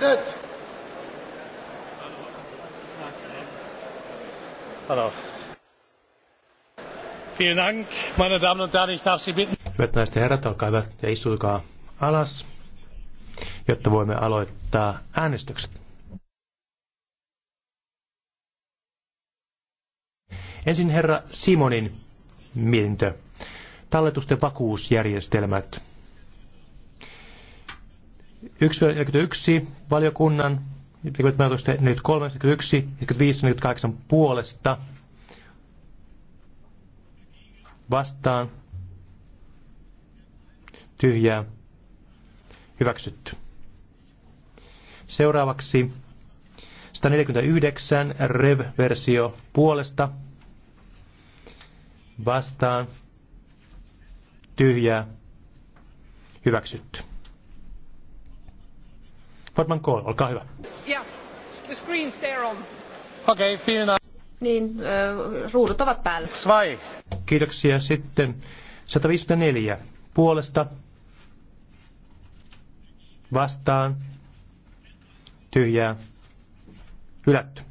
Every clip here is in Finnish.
Good. Vielen Dank, meine Damen und Herren, ich darf Sie bitten. Hyvät naiset ja herrat, olkaa hyvät ja istuikaa alas, jotta voimme aloittaa äänestykset. Ensin herra Simonin mietintö. Talletusten vakuusjärjestelmät. 141 valiokunnan, 43, 41, 45 48 puolesta vastaan tyhjää hyväksytty. Seuraavaksi 149 rev-versio puolesta vastaan tyhjää hyväksytty. Portman Kohl, olkaa hyvä. Yeah. The screen's there on. Okei, okay, Niin, äh, ruudut ovat päällä. Zwei. Kiitoksia sitten. 154 puolesta vastaan tyhjää hylätty.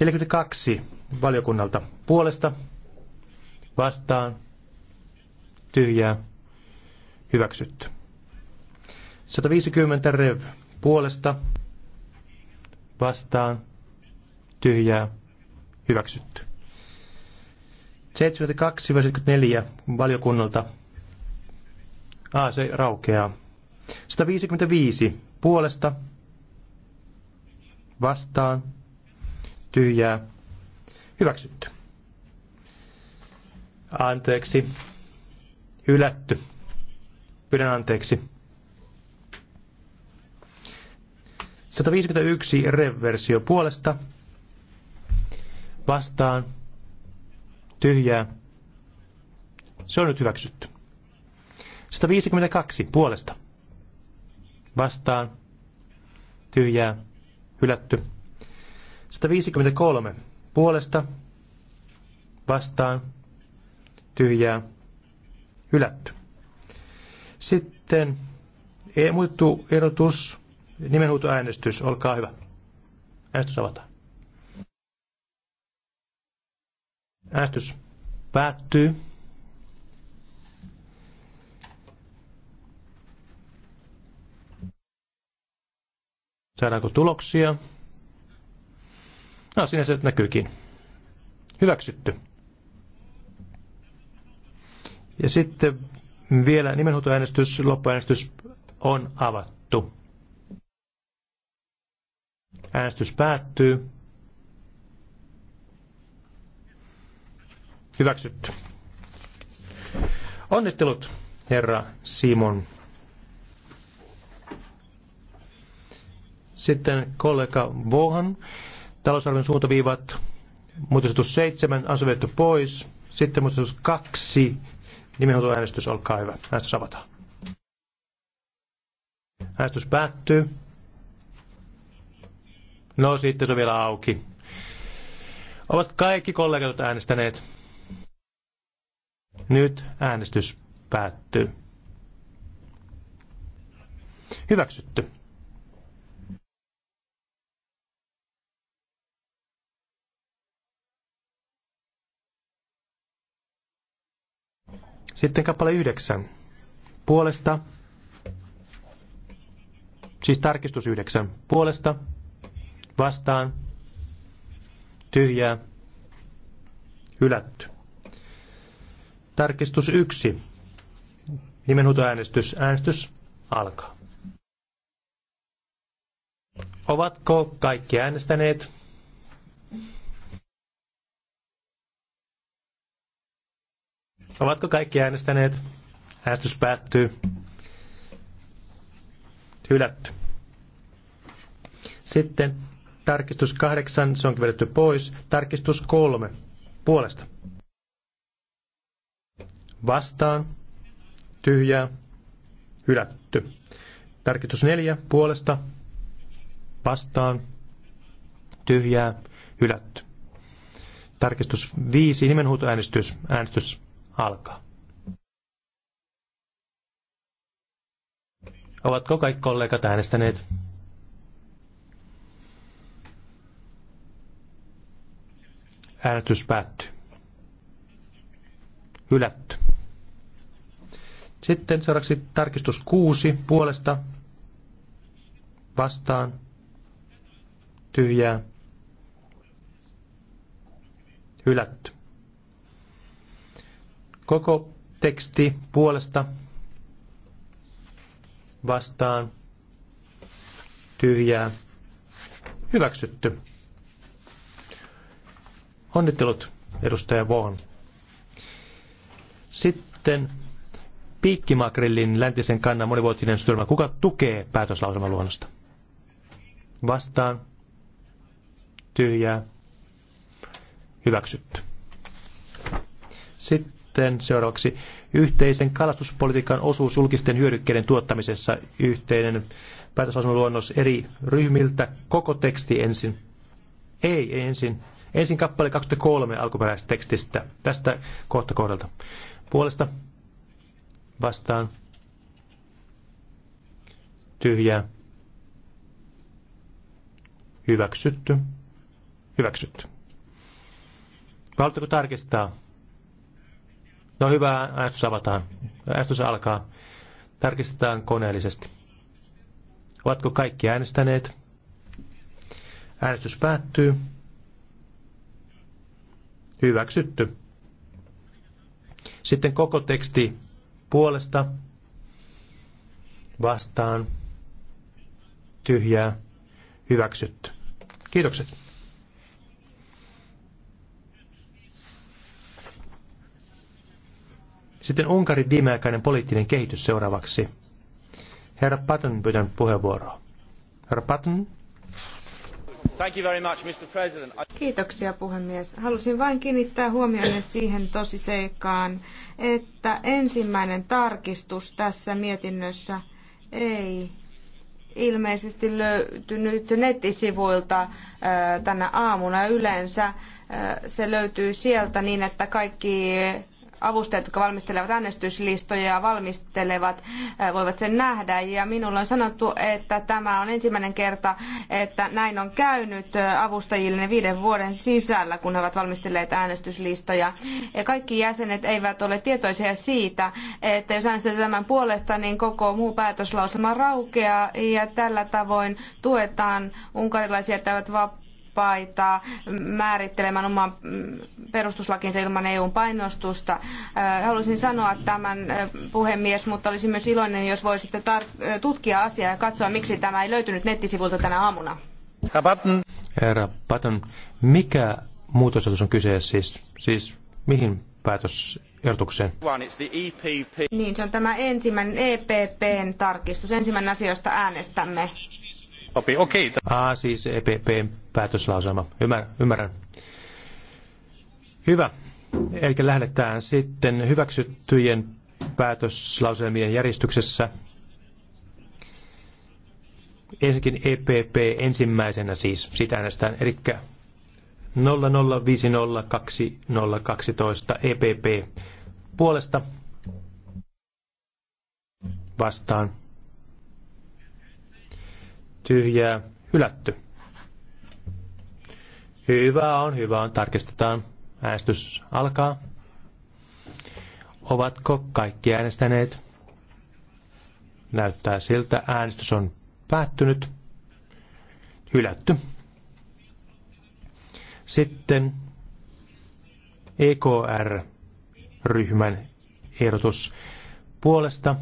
42 valiokunnalta puolesta vastaan tyhjää hyväksytty. 150 rev puolesta vastaan tyhjää hyväksytty. 72-74 valiokunnalta. A, se raukeaa. 155 puolesta vastaan tyhjää hyväksytty. Anteeksi. Hylätty. Pyydän anteeksi. 151 reversio puolesta vastaan tyhjää. Se on nyt hyväksytty. 152 puolesta vastaan tyhjää hylätty. 153 puolesta vastaan tyhjää hylätty. Sitten muuttuu erotus Nimenhuutoäänestys, olkaa hyvä. Äänestys avataan. Äänestys päättyy. Saadaanko tuloksia? No, siinä se näkyykin. Hyväksytty. Ja sitten vielä nimenhuutoäänestys, loppuäänestys on avattu. Äänestys päättyy. Hyväksytty. Onnittelut, herra Simon. Sitten kollega Vohan. Talousarvion suuntaviivat. Muutosetus 7 asuvettu pois. Sitten muutosetus 2. Nimenhuoltoäänestys, olkaa hyvä. Äänestys avataan. Äänestys päättyy. No sitten se on vielä auki. Ovat kaikki kollegat äänestäneet. Nyt äänestys päättyy. Hyväksytty. Sitten kappale yhdeksän. Puolesta. Siis tarkistus yhdeksän. Puolesta vastaan tyhjää hylätty. Tarkistus 1. Nimenhuutoäänestys. Äänestys alkaa. Ovatko kaikki äänestäneet? Ovatko kaikki äänestäneet? Äänestys päättyy. Hylätty. Sitten Tarkistus kahdeksan, se onkin vedetty pois. Tarkistus kolme, puolesta. Vastaan, tyhjää, hylätty. Tarkistus neljä, puolesta, vastaan, tyhjää, hylätty. Tarkistus viisi, nimenhuutoäänestys, äänestys alkaa. Ovatko kaikki kollegat äänestäneet? Äänestys päättyy. Hylätty. Sitten seuraavaksi tarkistus kuusi puolesta vastaan tyhjää hylätty. Koko teksti puolesta vastaan tyhjää hyväksytty. Onnittelut, edustaja Vaughan. Sitten piikkimakrillin läntisen kannan monivuotinen suunnitelma. Kuka tukee päätöslauselman luonnosta? Vastaan. Tyhjää. Hyväksytty. Sitten seuraavaksi yhteisen kalastuspolitiikan osuus julkisten hyödykkeiden tuottamisessa. Yhteinen päätöslauselman luonnos eri ryhmiltä. Koko teksti ensin. Ei, ei ensin. Ensin kappale 23 alkuperäisestä tekstistä, tästä kohta kohdalta. Puolesta vastaan tyhjää hyväksytty, hyväksytty. Haluatteko tarkistaa? No hyvä, äästys avataan. Äänestys alkaa. Tarkistetaan koneellisesti. Ovatko kaikki äänestäneet? Äänestys päättyy. Hyväksytty. Sitten koko teksti puolesta vastaan tyhjää hyväksytty. Kiitokset. Sitten Unkarin viimeaikainen poliittinen kehitys seuraavaksi. Herra Patton pyytän puheenvuoroa. Herra Patton. Kiitoksia puhemies. Halusin vain kiinnittää huomionne siihen tosiseikkaan, että ensimmäinen tarkistus tässä mietinnössä ei ilmeisesti löytynyt nettisivuilta tänä aamuna. Yleensä se löytyy sieltä niin, että kaikki avustajat, jotka valmistelevat äänestyslistoja ja valmistelevat, voivat sen nähdä. Ja minulle on sanottu, että tämä on ensimmäinen kerta, että näin on käynyt avustajille viiden vuoden sisällä, kun he ovat valmistelleet äänestyslistoja. Ja kaikki jäsenet eivät ole tietoisia siitä, että jos äänestetään tämän puolesta, niin koko muu päätöslausema raukeaa ja tällä tavoin tuetaan unkarilaisia, että eivät vapaa valpaitaa määrittelemään oman perustuslakinsa ilman EUn painostusta. Äh, haluaisin sanoa tämän äh, puhemies, mutta olisin myös iloinen, jos voisitte äh, tutkia asiaa ja katsoa, miksi tämä ei löytynyt nettisivuilta tänä aamuna. Herra Patton. Herra Patton, mikä muutosehdotus on kyseessä siis? Siis mihin päätös ehdotukseen? E niin, se on tämä ensimmäinen EPPn tarkistus. Ensimmäinen asia, josta äänestämme. Sopii, okei. Okay. Ah, siis EPPn päätöslauselma. Ymmär, ymmärrän. Hyvä. Eli lähdetään sitten hyväksyttyjen päätöslauselmien järjestyksessä. Ensinnäkin EPP ensimmäisenä siis, sitä äänestään, eli 00502012 EPP puolesta vastaan tyhjää, hylätty. Hyvä on, hyvä on. Tarkistetaan. Äänestys alkaa. Ovatko kaikki äänestäneet? Näyttää siltä. Äänestys on päättynyt. Hylätty. Sitten EKR-ryhmän ehdotus puolesta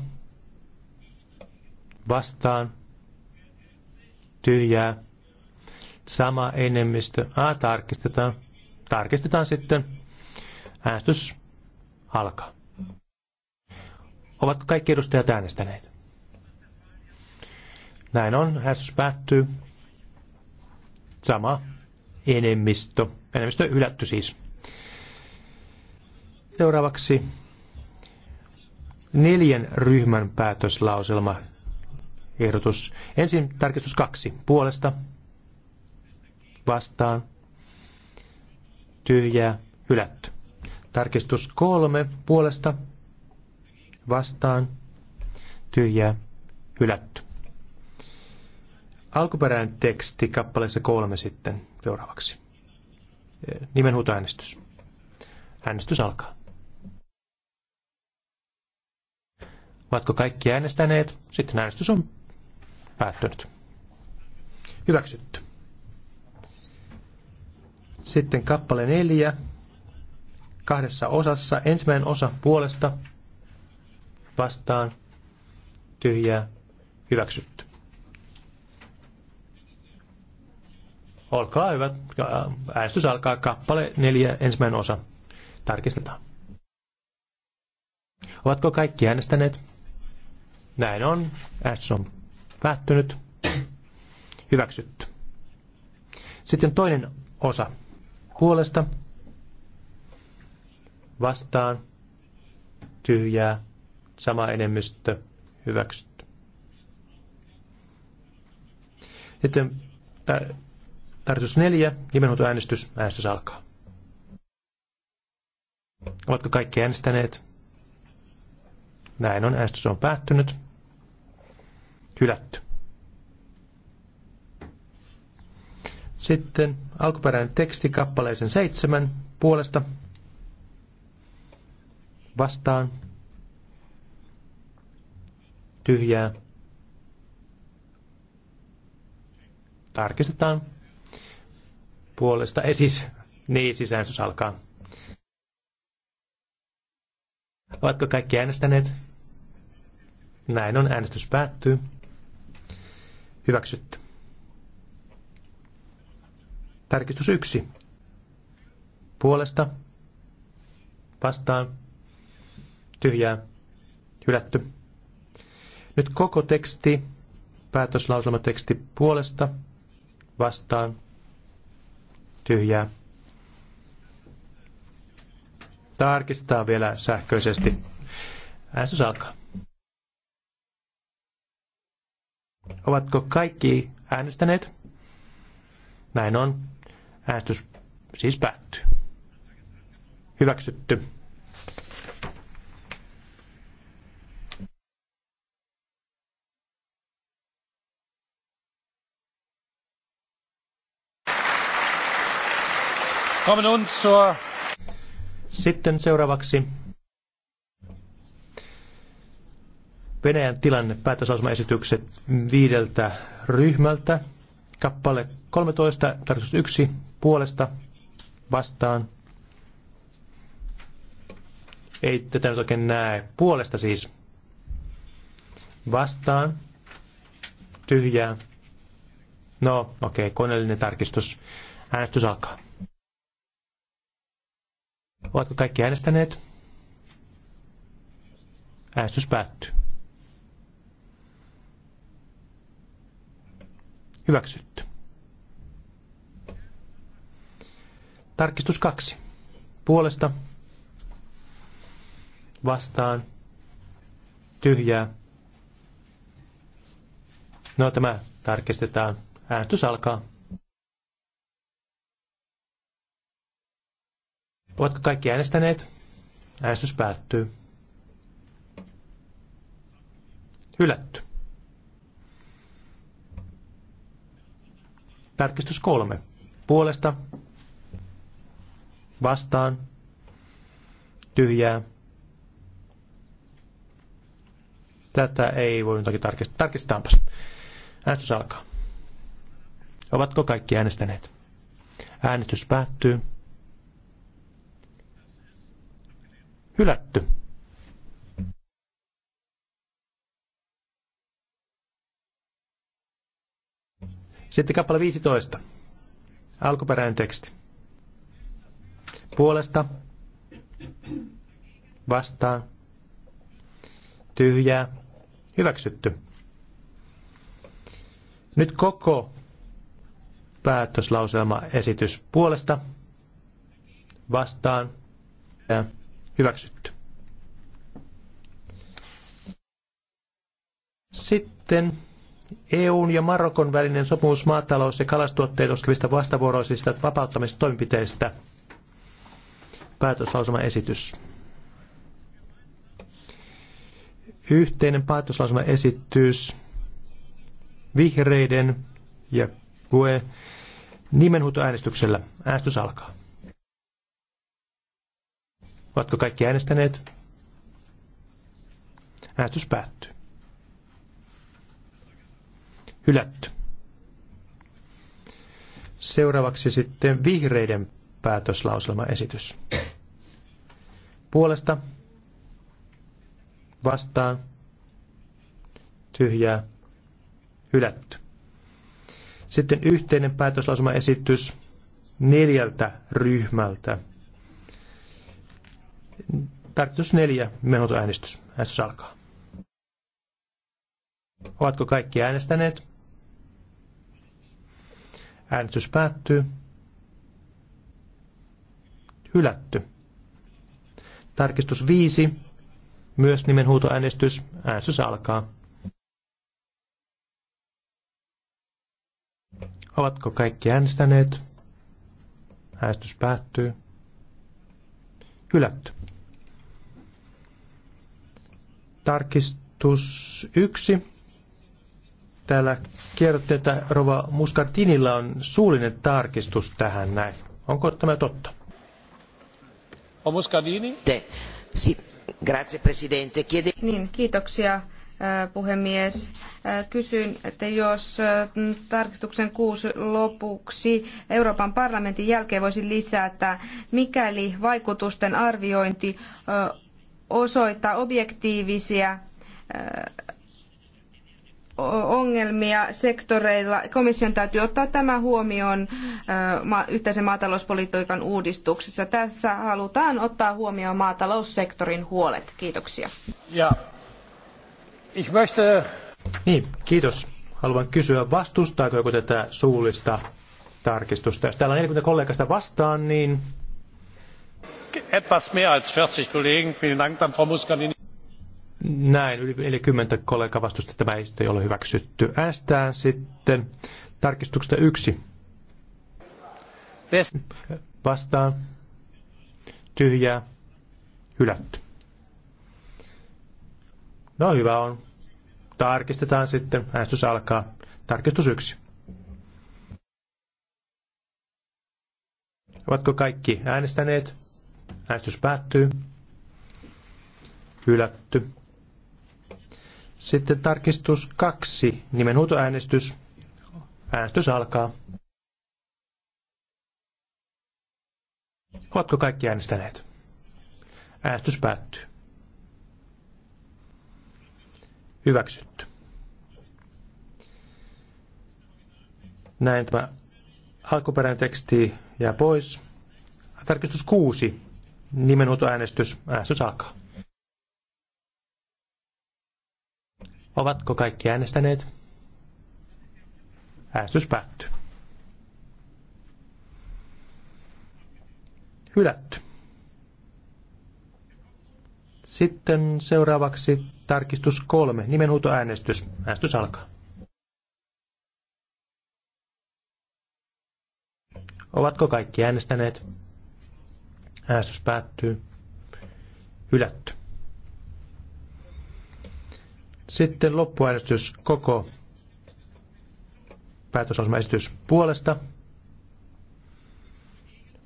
vastaan tyhjää, sama enemmistö. A, tarkistetaan. Tarkistetaan sitten. Äänestys alkaa. Ovat kaikki edustajat äänestäneet? Näin on. Äänestys päättyy. Sama enemmistö. Enemmistö hylätty siis. Seuraavaksi neljän ryhmän päätöslauselma ehdotus. Ensin tarkistus kaksi. Puolesta vastaan tyhjää hylätty. Tarkistus kolme. Puolesta vastaan tyhjää hylätty. Alkuperäinen teksti kappaleessa kolme sitten seuraavaksi. Nimenhuutoäänestys. Äänestys alkaa. Ovatko kaikki äänestäneet? Sitten äänestys on Päättynyt. Hyväksytty. Sitten kappale neljä kahdessa osassa. Ensimmäinen osa puolesta vastaan tyhjää hyväksytty. Olkaa hyvät. Äh, äänestys alkaa kappale neljä ensimmäinen osa. Tarkistetaan. Ovatko kaikki äänestäneet? Näin on. Äänestys on Päättynyt. Hyväksytty. Sitten toinen osa. Puolesta. Vastaan. Tyhjää. Sama enemmistö. Hyväksytty. Sitten äh, tarkoitus neljä. Nimenhuutoäänestys. Äänestys alkaa. Ovatko kaikki äänestäneet? Näin on. Äänestys on päättynyt hylätty. Sitten alkuperäinen teksti kappaleisen seitsemän puolesta vastaan tyhjää. Tarkistetaan puolesta. esis eh, niin sisäänsys alkaa. Ovatko kaikki äänestäneet? Näin on, äänestys päättyy. Hyväksytty. Tarkistus yksi. Puolesta. Vastaan. Tyhjää. Hylätty. Nyt koko teksti, päätöslauselmateksti puolesta, vastaan, tyhjää. Tarkistetaan vielä sähköisesti. Äänestys alkaa. Ovatko kaikki äänestäneet? Näin on. Äänestys siis päättyy. Hyväksytty. Sitten seuraavaksi Venäjän tilanne päätösasmaesitykset viideltä ryhmältä. Kappale 13, tarkoitus 1, puolesta vastaan. Ei tätä nyt oikein näe. Puolesta siis vastaan. Tyhjää. No, okei, okay, koneellinen tarkistus. Äänestys alkaa. Ovatko kaikki äänestäneet? Äänestys päättyy. Hyväksytty. Tarkistus kaksi. Puolesta. Vastaan. Tyhjää. No tämä tarkistetaan. Äänestys alkaa. Ovatko kaikki äänestäneet? Äänestys päättyy. Hylätty. Tarkistus kolme. Puolesta. Vastaan. Tyhjää. Tätä ei voi jotakin tarkistaa. Tarkistetaanpas. Äänestys alkaa. Ovatko kaikki äänestäneet? Äänestys päättyy. Hylätty. Sitten kappale 15. Alkuperäinen teksti. Puolesta. Vastaan. Tyhjää. Hyväksytty. Nyt koko päätöslauselma esitys puolesta. Vastaan. Ja hyväksytty. Sitten EUn ja Marokon välinen sopimus maatalous- ja kalastuotteita koskevista vastavuoroisista vapauttamistoimenpiteistä. Päätöslausumaesitys. Yhteinen päätöslausumaesitys vihreiden ja GUE nimenhuutoäänestyksellä. Äänestys alkaa. Ovatko kaikki äänestäneet? Äänestys päättyy hylätty. Seuraavaksi sitten vihreiden päätöslauselmaesitys. Puolesta, vastaan, tyhjää, hylätty. Sitten yhteinen esitys neljältä ryhmältä. Tarkoitus neljä, menotoäänestys. Äänestys alkaa. Ovatko kaikki äänestäneet? Äänestys päättyy. Hylätty. Tarkistus 5. Myös nimenhuutoäänestys. Äänestys alkaa. Ovatko kaikki äänestäneet? Äänestys päättyy. Hylätty. Tarkistus 1 Täällä kerrotte, että Rova Muscardinilla on suullinen tarkistus tähän näin. Onko tämä totta? O Muscardini? Te. Si. Grazie, presidente. Chiede... Niin, kiitoksia puhemies. Kysyn, että jos tarkistuksen kuusi lopuksi Euroopan parlamentin jälkeen voisi lisätä, mikäli vaikutusten arviointi osoittaa objektiivisia ongelmia sektoreilla. Komission täytyy ottaa tämä huomioon yhteisen maatalouspolitiikan uudistuksessa. Tässä halutaan ottaa huomioon maataloussektorin huolet. Kiitoksia. Ja, ich möchte... Niin, kiitos. Haluan kysyä, vastustaako joku tätä suullista tarkistusta? Jos täällä on 40 kollegasta vastaan, niin... Etwas mehr als 40 Kollegen. Vielen Dank, dann Frau Muscardini. Näin, yli 40 kollega vastusta tämä ei sitten ole hyväksytty. Äästään sitten tarkistuksesta yksi. Vest. Vastaan. Tyhjää. Hylätty. No hyvä on. Tarkistetaan sitten. Äänestys alkaa. Tarkistus yksi. Ovatko kaikki äänestäneet? Äänestys päättyy. Hylätty. Sitten tarkistus kaksi, nimenhuutoäänestys. Äänestys alkaa. Ovatko kaikki äänestäneet? Äänestys päättyy. Hyväksytty. Näin tämä alkuperäinen teksti jää pois. Tarkistus 6. Nimenhuutoäänestys. Äänestys alkaa. Ovatko kaikki äänestäneet? Äänestys päättyy. Hylätty. Sitten seuraavaksi tarkistus kolme, nimenhuutoäänestys. Äänestys alkaa. Ovatko kaikki äänestäneet? Äänestys päättyy. Hylätty. Sitten loppuäänestys koko päätösosmaesitys puolesta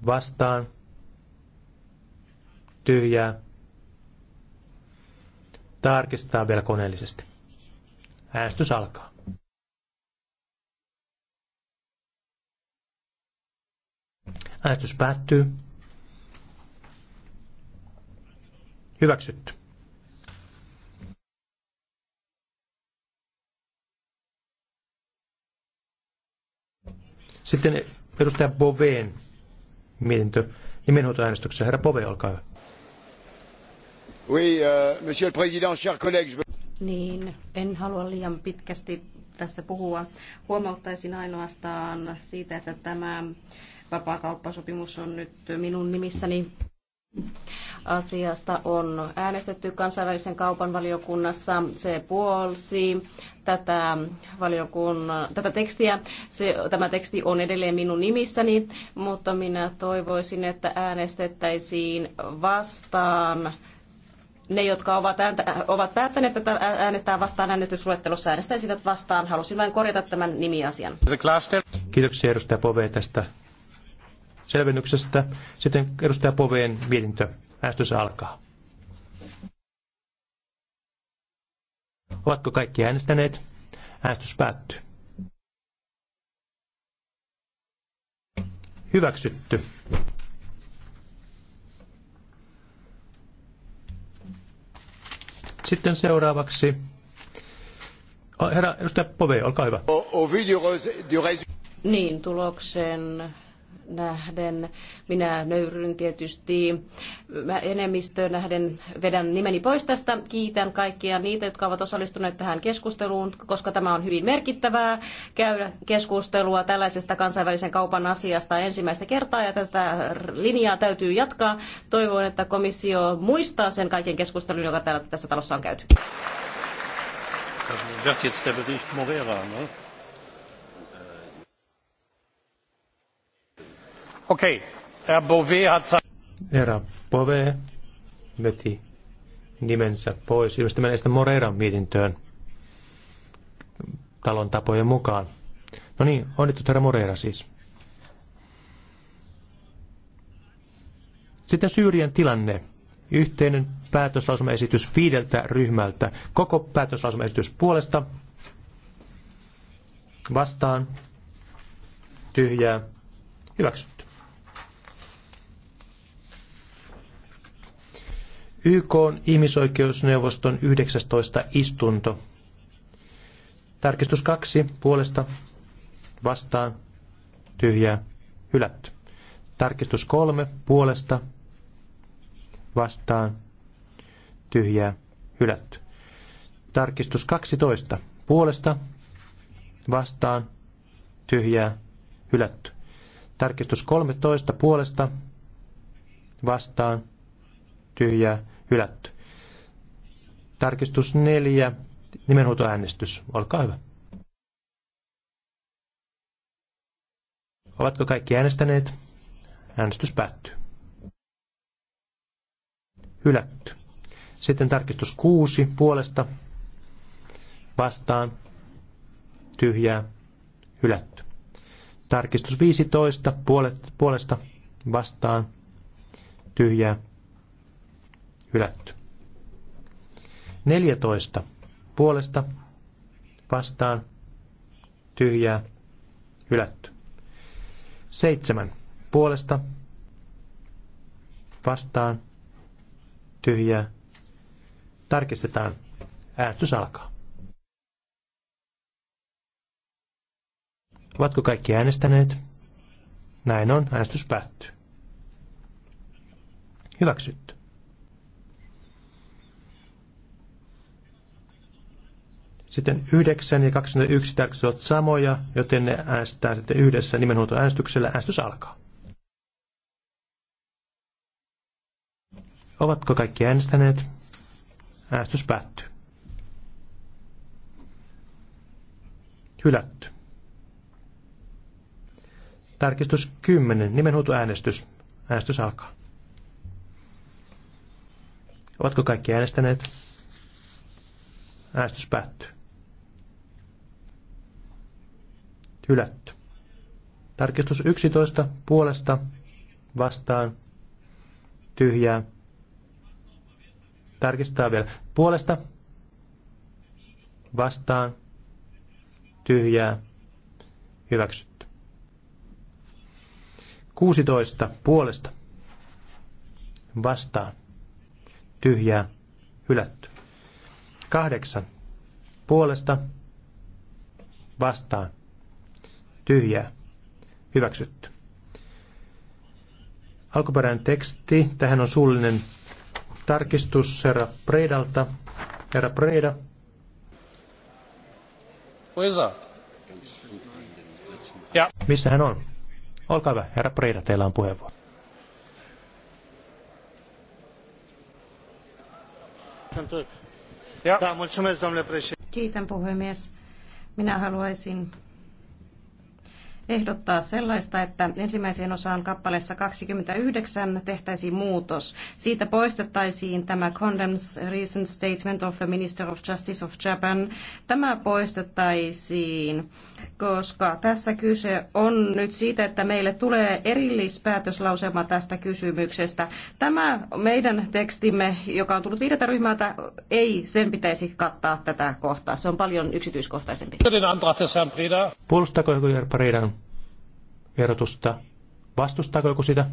vastaan tyhjää. Tarkistetaan vielä koneellisesti. Äänestys alkaa. Äänestys päättyy. Hyväksytty. Sitten edustaja Boveen mietintö nimenhuutoäänestyksessä. Herra Bove, olkaa hyvä. Oui, uh, monsieur le président, Je... Niin, en halua liian pitkästi tässä puhua. Huomauttaisin ainoastaan siitä, että tämä vapaakauppasopimus on nyt minun nimissäni asiasta on äänestetty kansainvälisen kaupan valiokunnassa. Se puolsi tätä, valiokunnan, tätä tekstiä. Se, tämä teksti on edelleen minun nimissäni, mutta minä toivoisin, että äänestettäisiin vastaan ne, jotka ovat, ääntä, ovat päättäneet tätä äänestää vastaan äänestysluettelossa, äänestäisivät vastaan. Halusin vain korjata tämän nimiasian. Kiitoksia edustaja Pove tästä selvennyksestä. Sitten edustaja Poveen mietintö. Päästys alkaa. Ovatko kaikki äänestäneet? Äänestys päättyy. Hyväksytty. Sitten seuraavaksi. Herra edustaja Povei, olkaa hyvä. Niin, tuloksen nähden. Minä nöyryn tietysti Mä enemmistöön nähden vedän nimeni pois tästä. Kiitän kaikkia niitä, jotka ovat osallistuneet tähän keskusteluun, koska tämä on hyvin merkittävää käydä keskustelua tällaisesta kansainvälisen kaupan asiasta ensimmäistä kertaa ja tätä linjaa täytyy jatkaa. Toivon, että komissio muistaa sen kaiken keskustelun, joka täällä tässä talossa on käyty. Das jetzt der Bericht Morera, ne? Okei, okay. Herra Bove veti nimensä pois ilmeisesti menestä Moreiran mietintöön talon tapojen mukaan. No niin, onnittu herra Moreira siis. Sitten Syyrien tilanne. Yhteinen päätöslausumaesitys viideltä ryhmältä. Koko päätöslausumaesitys puolesta. Vastaan. Tyhjää. Hyväksytty. YK on ihmisoikeusneuvoston 19. istunto. Tarkistus kaksi puolesta vastaan tyhjää hylätty. Tarkistus kolme puolesta vastaan tyhjää hylätty. Tarkistus 12 puolesta vastaan tyhjää hylätty. Tarkistus 13 puolesta vastaan tyhjää hylätty. Tarkistus neljä, nimenhuutoäänestys. Olkaa hyvä. Ovatko kaikki äänestäneet? Äänestys päättyy. Hylätty. Sitten tarkistus kuusi puolesta vastaan tyhjää hylätty. Tarkistus 15 puolet, puolesta vastaan tyhjää hylätty. 14 puolesta vastaan tyhjää hylätty. 7 puolesta vastaan tyhjää tarkistetaan äänestys alkaa. Ovatko kaikki äänestäneet? Näin on, äänestys päättyy. Hyväksytty. Sitten 9 ja 21 tarkistukset ovat samoja, joten ne äänestetään sitten yhdessä nimenhuoltoäänestyksellä. Äänestys alkaa. Ovatko kaikki äänestäneet? Äänestys päättyy. Hylätty. Tarkistus 10. Nimenhuutoäänestys. Äänestys alkaa. Ovatko kaikki äänestäneet? Äänestys päättyy. hylätty. Tarkistus 11 puolesta vastaan tyhjää. Tarkistaa vielä. Puolesta vastaan tyhjää hyväksytty. 16 puolesta vastaan tyhjää hylätty. 8 puolesta vastaan tyhjää, hyväksytty. Alkuperäinen teksti, tähän on suullinen tarkistus herra Predalta. Herra Preda. Uisa. Ja. Missä hän on? Olkaa hyvä, herra Preda, teillä on puheenvuoro. Kiitän puhemies. Minä haluaisin ehdottaa sellaista, että ensimmäiseen osaan kappaleessa 29 tehtäisiin muutos. Siitä poistettaisiin tämä Condemns Recent Statement of the Minister of Justice of Japan. Tämä poistettaisiin, koska tässä kyse on nyt siitä, että meille tulee erillispäätöslauselma tästä kysymyksestä. Tämä meidän tekstimme, joka on tullut viideltä ryhmältä, ei sen pitäisi kattaa tätä kohtaa. Se on paljon yksityiskohtaisempi. Puolustako joku Jörpä Riidan erotusta. Vastustaako joku sitä?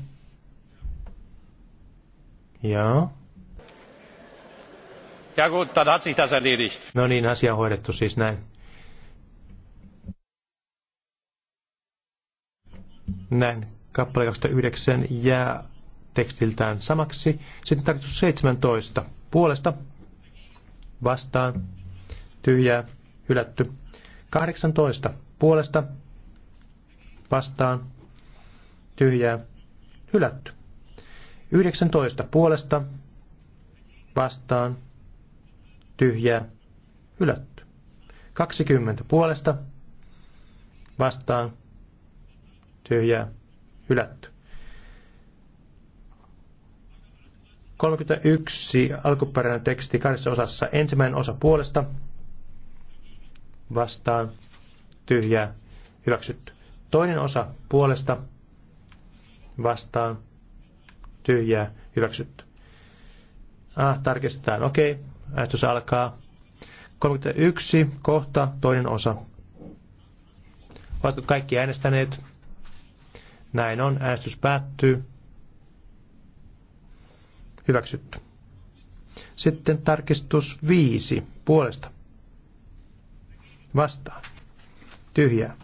Joo. Ja gut, dann hat sich das erledigt. No niin, asia on hoidettu siis näin. Näin, kappale 29 jää tekstiltään samaksi. Sitten tarkoitus 17. Puolesta vastaan tyhjää hylätty. 18. Puolesta vastaan, tyhjää, hylätty. 19 puolesta, vastaan, tyhjää, hylätty. 20 puolesta, vastaan, tyhjää, hylätty. 31 alkuperäinen teksti kahdessa osassa. Ensimmäinen osa puolesta, vastaan, tyhjää, hyväksytty. Toinen osa puolesta vastaan tyhjää hyväksytty. Ah, tarkistetaan. Okei, okay. äänestys alkaa. 31 kohta, toinen osa. Ovatko kaikki äänestäneet? Näin on, äänestys päättyy. Hyväksytty. Sitten tarkistus 5 puolesta. Vastaan. Tyhjää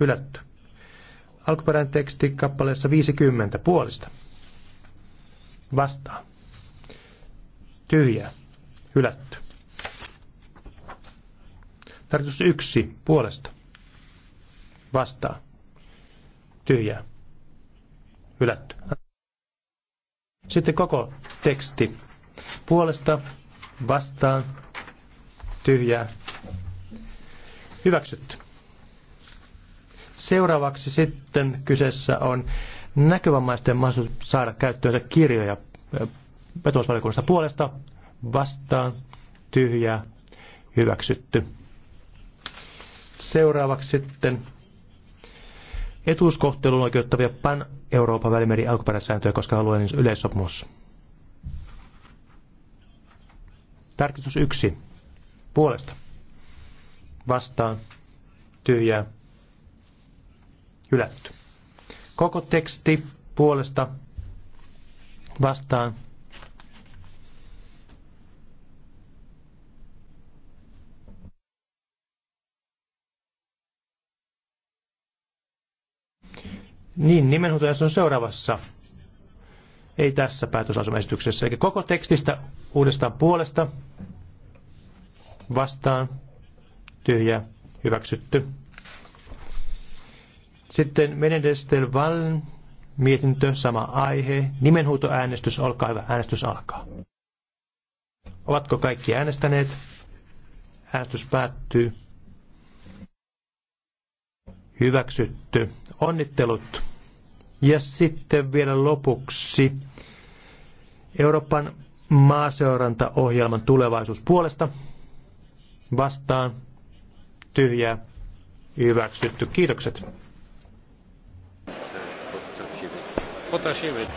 hylätty. Alkuperäinen teksti kappaleessa 50 puolista. Vastaa. Tyhjä. Hylätty. Tarkoitus yksi puolesta. Vastaa. Tyhjä. Hylätty. Sitten koko teksti. Puolesta, vastaan, tyhjää, hyväksytty. Seuraavaksi sitten kyseessä on näkövammaisten mahdollisuus saada käyttöönsä kirjoja petosvalikunnasta puolesta vastaan tyhjää hyväksytty. Seuraavaksi sitten etuuskohteluun oikeuttavia pan-Euroopan välimeri alkuperäissääntöjä koska alueen yleissopimus. Tarkistus yksi Puolesta. Vastaan. Tyhjää hylätty. Koko teksti puolesta vastaan Niin, nimenhuutojärjestys on seuraavassa. Ei tässä päätöslausumaesityksessä. Eli koko tekstistä uudestaan puolesta vastaan tyhjä hyväksytty. Sitten Menendez del Val, mietintö, sama aihe. Nimenhuutoäänestys, olkaa hyvä, äänestys alkaa. Ovatko kaikki äänestäneet? Äänestys päättyy. Hyväksytty. Onnittelut. Ja sitten vielä lopuksi Euroopan maaseurantaohjelman tulevaisuus puolesta. Vastaan. Tyhjää. Hyväksytty. Kiitokset. potašević.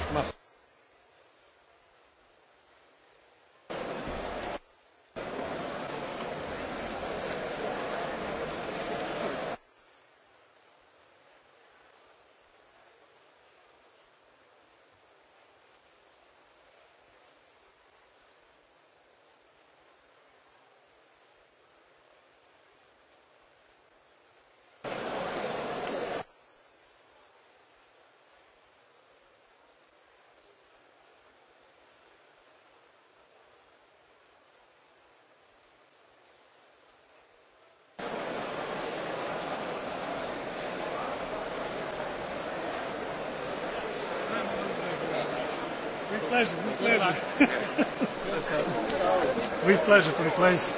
With pleasure, with pleasure. with pleasure, with pleasure.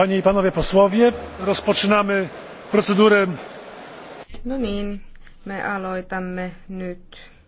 panie i panowie posłowie! rozpoczynamy procedurę no niin, me aloitamme nyt